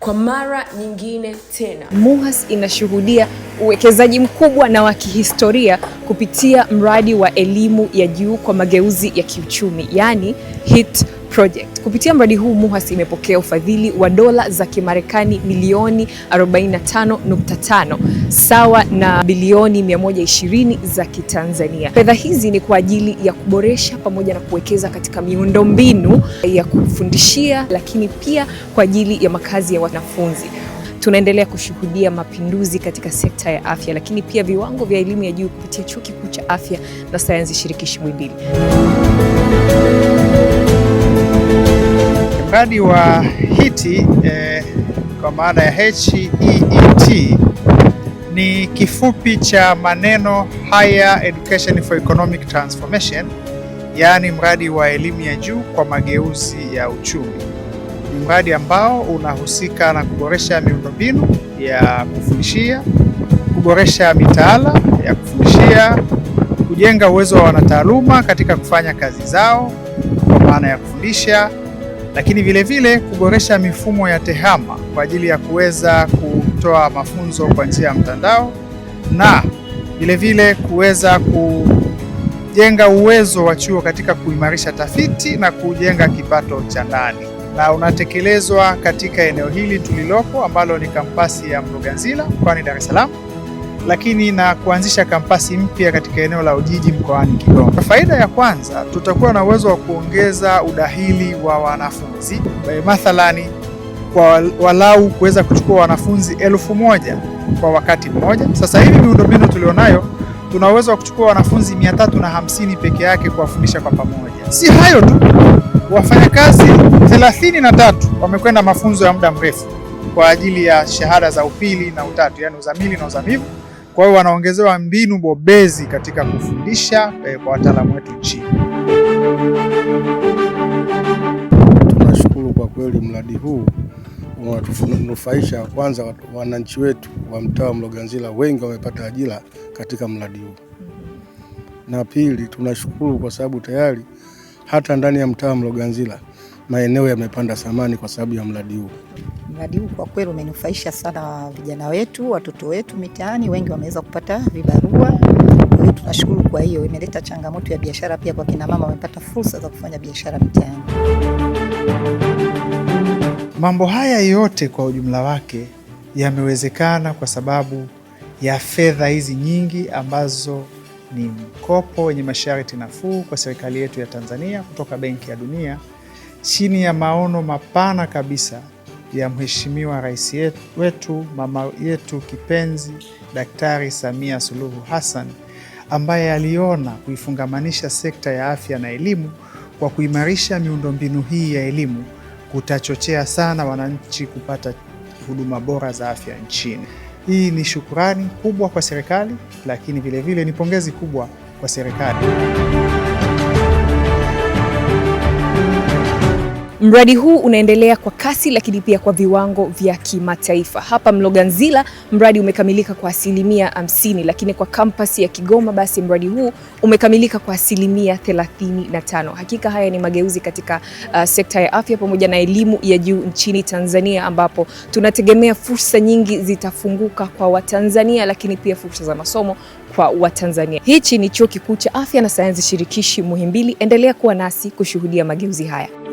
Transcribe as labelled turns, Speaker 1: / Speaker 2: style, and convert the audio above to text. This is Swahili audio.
Speaker 1: Kwa mara nyingine tena MUHAS inashuhudia uwekezaji mkubwa na wa kihistoria kupitia mradi wa elimu ya juu kwa mageuzi ya kiuchumi, yaani HIT project. Kupitia mradi huu MUHAS imepokea ufadhili wa dola za Kimarekani milioni 45.5 sawa na bilioni 120 za Kitanzania. Fedha hizi ni kwa ajili ya kuboresha pamoja na kuwekeza katika miundombinu ya kufundishia, lakini pia kwa ajili ya makazi ya wanafunzi. Tunaendelea kushuhudia mapinduzi katika sekta ya afya, lakini pia viwango vya elimu ya juu kupitia Chuo Kikuu cha Afya na Sayansi Shirikishi Muhimbili.
Speaker 2: Mradi wa HEET eh, kwa maana ya HEET ni kifupi cha maneno Higher Education for Economic Transformation, yaani mradi wa elimu ya juu kwa mageuzi ya uchumi. Ni mradi ambao unahusika na kuboresha miundombinu ya kufundishia, kuboresha mitaala ya kufundishia, kujenga uwezo wa wanataaluma katika kufanya kazi zao kwa maana ya kufundisha lakini vilevile kuboresha mifumo ya TEHAMA kwa ajili ya kuweza kutoa mafunzo kwa njia ya mtandao na vilevile kuweza kujenga uwezo wa chuo katika kuimarisha tafiti na kujenga kipato cha ndani, na unatekelezwa katika eneo hili tulilopo ambalo ni kampasi ya Mloganzila mkoani Dar es Salaam lakini na kuanzisha kampasi mpya katika eneo la Ujiji mkoani Kigoma. Faida ya kwanza, tutakuwa na uwezo wa kuongeza udahili wa wanafunzi, eh, mathalani kwa walau kuweza kuchukua wanafunzi elfu moja kwa wakati mmoja. Sasa hivi miundombinu tulionayo tuna uwezo wa kuchukua wanafunzi mia tatu na hamsini peke yake kuwafundisha kwa pamoja. Si hayo tu, wafanyakazi thelathini na tatu wamekwenda mafunzo ya muda mrefu kwa ajili ya shahada za upili na utatu, yani uzamili na uzamivu. Kwa hiyo wanaongezewa mbinu bobezi katika kufundisha eh, kwa wataalamu wetu nchini.
Speaker 3: Tunashukuru kwa kweli, mradi huu unatunufaisha kwanza, wananchi wetu wa mtaa wa Mloganzila wengi wamepata ajira katika mradi huu, na pili tunashukuru kwa sababu tayari hata ndani ya mtaa wa Mloganzila maeneo yamepanda thamani kwa sababu ya mradi huu mradi huu kwa kweli umenufaisha sana vijana wetu, watoto wetu mitaani, wengi wameweza kupata vibarua. Kwa hiyo tunashukuru. Kwa hiyo imeleta changamoto ya biashara pia kwa kina mama, wamepata fursa za kufanya biashara mitaani. Mambo haya yote kwa ujumla wake yamewezekana kwa sababu ya fedha hizi nyingi ambazo ni mkopo wenye masharti nafuu kwa serikali yetu ya Tanzania kutoka Benki ya Dunia chini ya maono mapana kabisa ya Mheshimiwa Rais wetu mama yetu kipenzi Daktari Samia Suluhu Hassan ambaye aliona kuifungamanisha sekta ya afya na elimu kwa kuimarisha miundombinu hii ya elimu kutachochea sana wananchi kupata huduma bora za afya nchini. Hii ni shukurani kubwa kwa serikali, lakini vilevile ni pongezi kubwa kwa serikali. Mradi huu unaendelea kwa kasi lakini pia kwa viwango vya kimataifa. Hapa Mloganzila mradi umekamilika kwa asilimia hamsini, lakini kwa kampasi ya Kigoma basi mradi huu umekamilika kwa asilimia thelathini na tano. Hakika haya ni mageuzi katika uh, sekta ya afya pamoja na elimu ya juu nchini Tanzania ambapo tunategemea fursa nyingi zitafunguka kwa Watanzania lakini pia fursa za masomo kwa Watanzania. Hichi ni Chuo Kikuu cha Afya na Sayansi Shirikishi Muhimbili. Endelea kuwa nasi kushuhudia mageuzi haya.